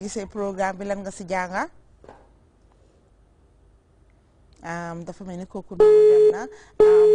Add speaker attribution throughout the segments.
Speaker 1: gisee programme bi lan nga si jànga dafa mel ni kooku noonu dem na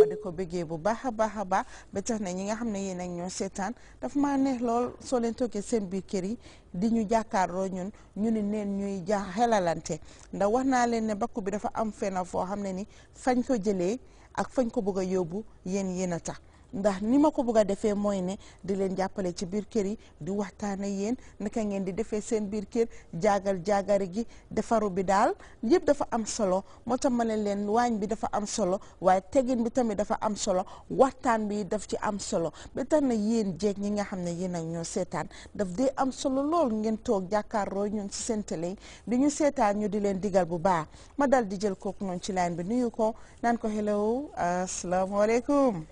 Speaker 1: ma di ko bëggee bu baax a baax a baax ba tax na ñi nga xam ne yéen ak ñoo seetaan dafa ma neex lool soo leen toogee seen biir kër yi di ñu jàkkaarloo ñun ñu ni neen ñuy ja xelalante ndax wax naa leen ne bakku bi dafa am fenn foo xam ne ni fañ ko jëlee ak fañ ko bëgg a yóbbu yéen yéen a tax ndax ni ma ko bëgg a defee mooy ne di leen jàppale ci biir kër yi di waxtaan ak yéen naka ngeen di defee seen biir kër jaagal jaagari gi defaru bi daal yëpp dafa am solo moo tax ma leen waañ bi dafa am solo waaye tegin bi tamit dafa am solo waxtaan bi daf ci am solo ba tax na yéen jeeg ñi nga xam ne yéen ak ñoo seetaan daf dee am solo lool ngeen toog jàkkaarloo ñun ci seen télé di ñu seetaan ñu di leen digal bu baax ma dal di jël kooku noonu ci line bi nuyu ko naan ko hello asalaamaaleykum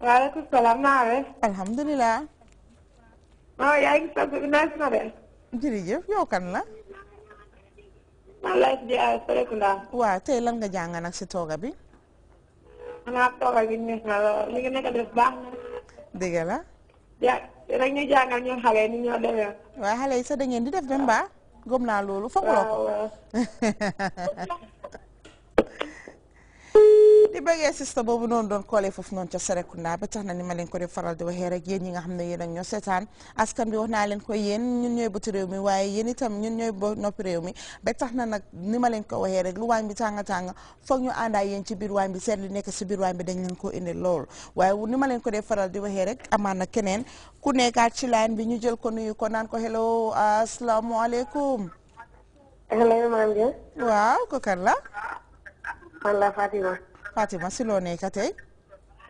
Speaker 1: waaleykum salaam naa def. alhamdulilah. waaw yaa ngi sant bi nees na de. jërëjëf yow kan la. man lay lan nga jàng nag si tooga bi. xanaa tooga bi neex na lool li nga nekk def baax na. dëgg la. ja rek ñu jàngal ñun xale ni ñoo demee. waaw xale yi sax da di def dem ba gëm naa loolu. foog loo di bëggee sista boobu noonu doon koolee foofu noonu ca Serekunda ba tax na ni ma leen ko di faral di waxee rek yéen ñi nga xam ne yéen ak ñoo seetaan askan bi wax naa leen ko yéen ñun ñooy bëtu réew mi waaye yéen itam ñun ñooy bo noppi réew mi ba tax na nag ni ma leen ko waxee rek lu waañ bi tànga-tànga foog ñu àndaa yéen ci biir waañ bi seet li nekk si biir waañ bi dañ leen ko indi lool waaye ni ma leen ko dee faral di waxee rek amaan na keneen ku nekkaat ci line bi ñu jël ko nuyu ko naan ko hello asalaamaaleykum hello maam waaw ko kan la man Fatima si loo nekk tey.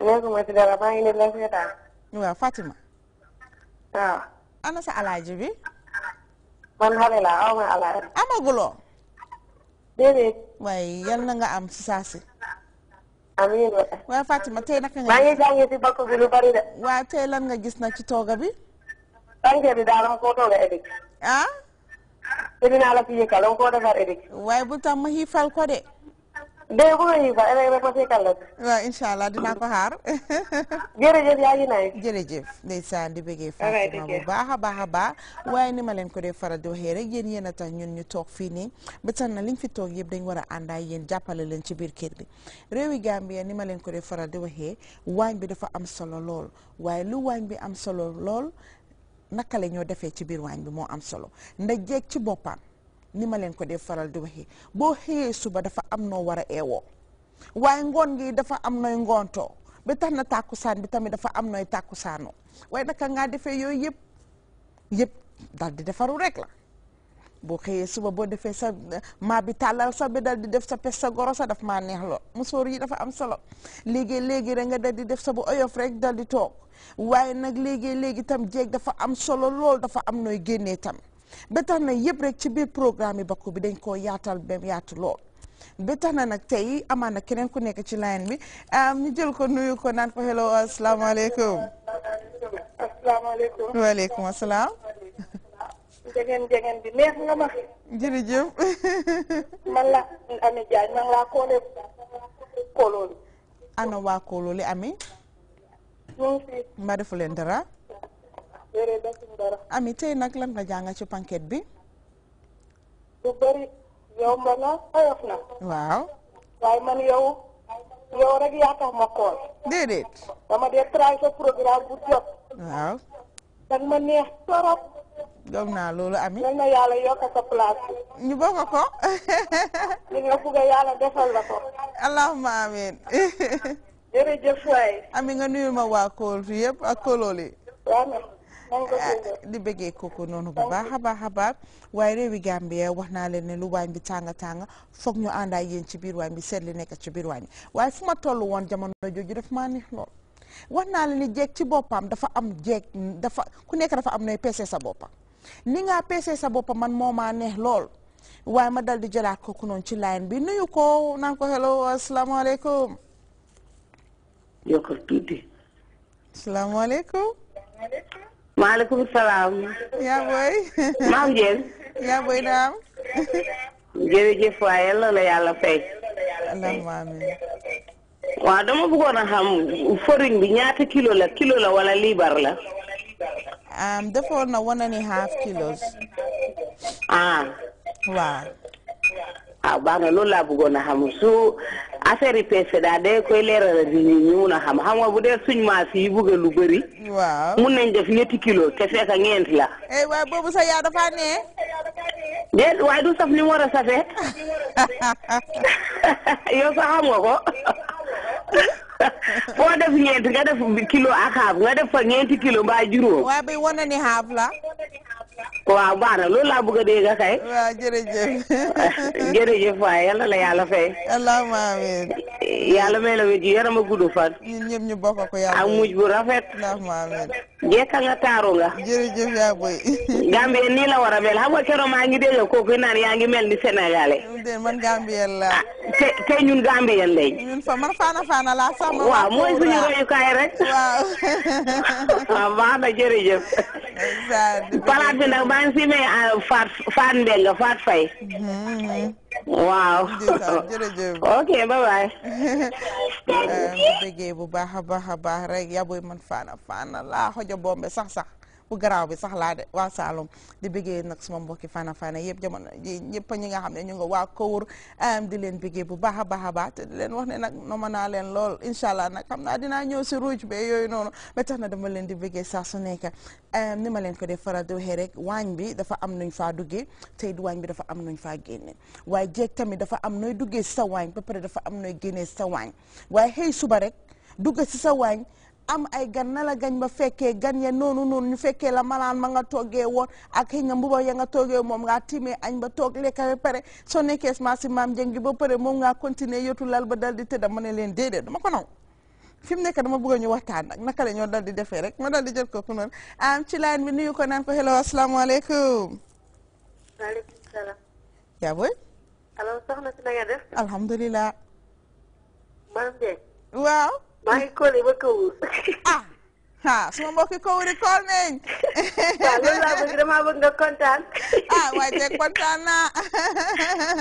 Speaker 1: nekkuma si dara maa ngi leen la seetaan. waaw Fatima. waaw. ana sa alaaji bi. man xale la aw ma waaye yal na nga am si saasi. amiin. waaw Fatima tey naka nga. maa ngi lan nga gis nag ci tooga bi. tànkee bi ah? waaye bu tax ma xiifal ko de. day bëgg a yibal rek rek ma siy kàllat. waaw incha allah dinaa ko xaar. jërëjëf yaa ngi naay. jërëjëf ndeysaan di bëggee Fatima baax a baax a baax waaye ni ma leen ko dee faral di waxee rek yéen yéen a tax ñun ñu toog fii nii ba tax na liñ fi toog yëpp dañ war a àndaay yéen jàppale leen ci biir kër gi réewi Gambia ni ma leen ko dee faral di waxee waañ bi dafa am solo lool waaye lu waañ bi am solo lool naka la ñoo defee ci biir waañ bi moo am solo nda jeeg ci boppam. ni ma leen ko dee faral di waxee boo xëyee suba dafa am noo war a eewoo waaye ngoon gi dafa am nooy ngoontoo ba tax na tàkku saan bi tamit dafa am nooy tàkkusaanoo waaye naka ngaa defee yooyu yëpp yépp dal di defaru rek la boo xëyee suba boo defee sa maa bi tàllal sa bi dal di def sa pes sa goro sa daf maa neex lool musóor yi dafa am solo léegi léegi rek nga dal di def sa bu oyof rek dal di toog waaye nag léegi léegi tam jeeg dafa am solo lool dafa am nooy génnee tam ba na yëpp rek ci biir programme yi bakku bi dañ koo yaatal ba yaatu lool ba na nag tey amaan na keneen ku nekk ci line bi ñu jël ko nuyu ko naan ko hello asalaamaaleykum. asalaamaaleykum. waaleykum asalaam. jegeen jegeen bi la Ami Diagne man laa koolee Kololi. Ami. ñu ngi leen dara. ami tey nag lan nga jàng ci panket bi. lu na oyof waaw. waaye man yow yow rek yaa tax ma kool. déedéet. dama dee try programme bu jot. waaw. dag ma neex torop. gëm loolu ami. ñu bokk ko. li nga bugg nga nuyul waa Kool fi yëpp ak Kololi. Ah, di bëggee kooku noonu bu baax a baax a baax waaye réewi Gambia wax naa leen ne lu waañ bi tàng tàng foog ñu ànd ak yéen ci biir waañ bi seet li nekk ci biir waañ bi waaye fu ma toll woon jamono jooju daf maa neex lool wax naa leen ci boppam dafa am jeeg dafa ku nekk dafa am nay peese sa boppam ni ngaa peese sa boppam man moo maa neex lool waaye ma dal di jëlaat kooku noonu ci line bi nuyu ko naan ko hello asalaamaaleykum. yokkal tuuti. asalaamaaleykum. maaleykum salaam. yaa booy. maam Dieng. yaa booy naam. jërëjëf waay yàlla la yàlla fay. allahumma amiin. waaw dama bëggoon a xam farine bi ñaata kilo la kilo la wala liibar la. am one and a half kilos. ah. waaw. ah baax na loolu laa bëggoon a xam su affaire yi peese daal day koy leeralal nit ñi mun a xam xam bu dee suñ maas yi bëgg lu bëri. mun nañ def ñetti kilo te fekk ñeent la. eh waaye boobu sa yaa dafa nee. déet waaye du saf ni mu war a safee. yow sax xam nga ko. foo def ñeent nga def kilo ak xaaf nga def fa ñeenti kilo mbaa juróom. waaye bi wane ni xaaf la. waaw baax na loolu laa bëgg a dégg kay. waaw jërëjëf. la yàlla fay. allahumma amiin. yàlla may la wér gi yaram fan. ñun ñëpp ñu bokk ko yàlla. ak mujj bu rafet. allahumma amiin. jekka nga taaru nga. jërëjëf yaa boy. Gambie nii la war a mel xam nga keroog maa ngi dégg kooku naan yaa ngi mel ni Sénégalais. man la. Ah, te tey ñun Gambien lay. ñun fa man faana faana laa sax. waaw mooy suñu royukaay rek. waaw. waaw baax palaat bi nag maa ngi si euh, Faat Faat Mbengue Faat Faye. Hmm. waaw. jërëjëf ok bye bye. bu baax a baax a baax rek yaa booy man faana faana laa xojo bombe sax sax. bu garaaw bi sax laa de waa Saalum di bëggee nag suma mbokki fana fana yëpp jamono ñëpp ñi nga xam ne ñu nga waa Kowur di leen bëggee bu baax a baax a baax te di leen wax ne nag noma naa leen lool incha allah nag xam naa dinaa ñëw si ruuj be yooyu noonu ba tax na dama leen di bëggee saa su nekk ni ma leen ko def faral di waxee rek waañ bi dafa am nuñ faa duggee tey it waañ bi dafa am nuñ faa génne waaye jeeg tamit dafa am nooy duggee si sa waañ ba pare dafa am nooy génnee si waaye xëy suba rek dugg si sa waañ am ay gan na la gañ ba fekkee gan ya nonu noonu ñu fekkee la malan ma nga toge won ak nga mbubo ya nga toge mom nga timé añ ba toog lekka ba pare soo nekkee ma si mam jëng gi ba pare moom ngaa continuer yotu lal ba dal di tëdda mané len dédé dama ko naw fim mu dama bëgg ñu waxtaan nak naka la ñoo dal di rek ma dal di jël ko non am ci line bi nuyu ko nan ko hello assalamu alaykum salaam. yaa booy. soxna nga def. waaw. maa ngi kóol yi ba kawur. ah ah su ma mbokki kawur yi kóol nañ. waaw loolu laa bëgg damaa bëgg nga kontaan. ah waaye tey kontaan naa.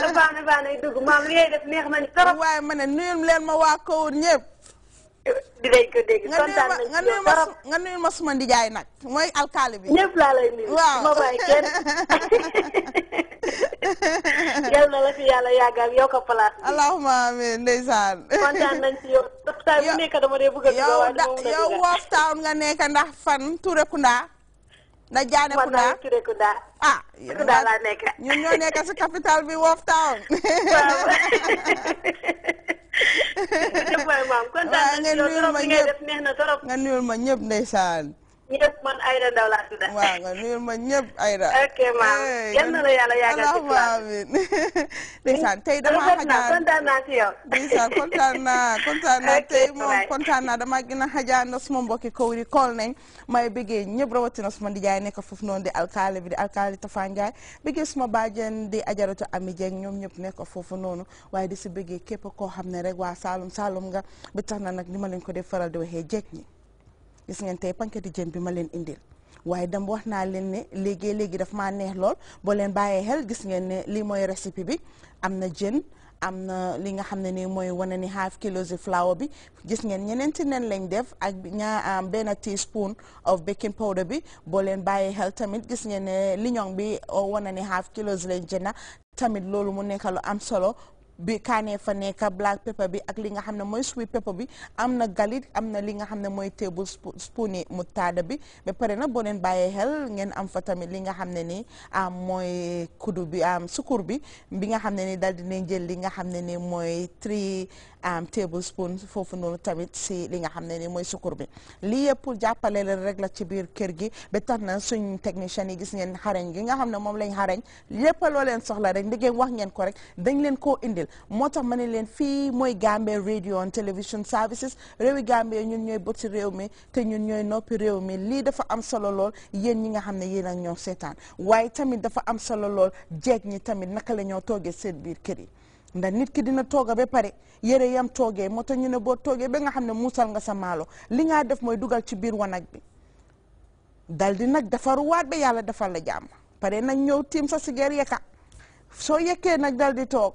Speaker 1: te baax na baax na dugg maam li ngay e def neex ma ni trop. waaye ma ne nuyul leen ma waa kawur ñëpp. dinañ ko dégg kontaan nañ nga nuyu ma nga nuyu ma suma ndijaay nag mooy alkaali bi. ñëpp laa lay nuyu. waaw ma bàyyi kenn. yal na la fi yàlla yàggal yow ko place bi. allahumma amiin ndeysaan. kontaan nañ si yow waxtaan bu nekk dama dee a yow yow waxtaan nga nekk ndax fan Turekunda. na jaane ku naa ah ñoo nekk si capital bi Wharf Town nga ma ñëpp nga nuyul ma ñëpp ndeysaan ñëpp waaw nga nuyul ma ñëpp Aida. ok maam yal na la yàlla yàggal ci tubaab amiin. ndeysaan tey damaa xajaan kontaan naa ci yow. ndeysaan kontaan naa kontaan naa tey moom kontaan naa damaa gën a xajaan na suma mbokki kaw yi kool nañ may bëggee ñëpp rawatina suma ndijaay nekk foofu noonu di alkaali bi di alkaali Tafa Njaay bëggee suma bàjjen di ajaratu Ami Jeng ñoom ñëpp nekk foofu noonu waaye di si bëggee képp koo xam ne rek waa Saalum Saalum nga bi tax na nag ni ma leen ko def faral di waxee jeeg ñi gis ngeen tey panketi jën bi ma leen indil waaye dam wax naa leen ne léegi léegi daf maa neex lool boo leen bàyyee xel gis ngeen ne lii mooy recipe bi am na jën am na li nga xam ne ni mooy wane ni half kilos of bi gis ngeen ñeneenti nen lañ def ak ñaa benn teaspoon of baking powder bi boo leen bàyyi xel tamit gis ngeen ne liñoŋ bi oh, wane ni half kilos lañ jënd tamit loolu mu nekk lu am solo bi kane fa nekk black pepper bi ak li nga xam ne mooy sweet pepper bi am na galit am na li nga xam ne mooy table spoon mutaada bi ba pare na boo leen bàyyee xel ngeen am fa tamit li nga xam ne ni am ah, mooy kudu bi am ah, sukur bi bi nga xam ne ni daal dinañ jël li nga xam ne ni mooy three am ah, table spoon foofu noonu tamit si li nga xam ne ni mooy sukur bi lii yëpp jàppale leen rek la ci biir kër gi ba tax na suñ technicien yi gis ngeen xarañ gi nga xam ne moom lañ xarañ lépp loo leen soxla rek ndigeen wax ngeen ko rek dañ leen koo indil moo tax ma ne leen fii mooy Gambia radio and television services réewi Gambia ñun ñooy bëti réew mi te ñun ñooy noppi réew mi lii dafa am solo lool yéen ñi nga xam ne yéen ak ñoo seetaan waaye tamit dafa am solo lool jeeg ñi tamit naka la ñoo toogee seen biir kër yi ndax nit ki dina tooga ba pare yére yam toogee moo tax ñu ne boo toogee ba nga xam ne muusal nga sa maalo li ngaa def mooy dugal ci biir wanag bi dal di nag defaruwaat ba yàlla defal la jàmm pare nag ñëw tiim sa sigeer yekka soo yekkee nag dal di toog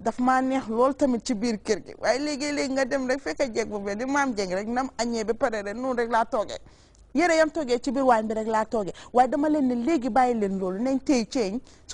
Speaker 1: dafa maa neex lool tamit ci biir kër gi waaye léegi-léegi nga dem rek fekk jeeg bu mel ni maam jeng rek nam añee ba pare rek noonu rek laa toogee yére yam toogee ci biir waañ bi rek laa toogee waaye dama leen ne léegi bàyyi leen loolu nañ tey change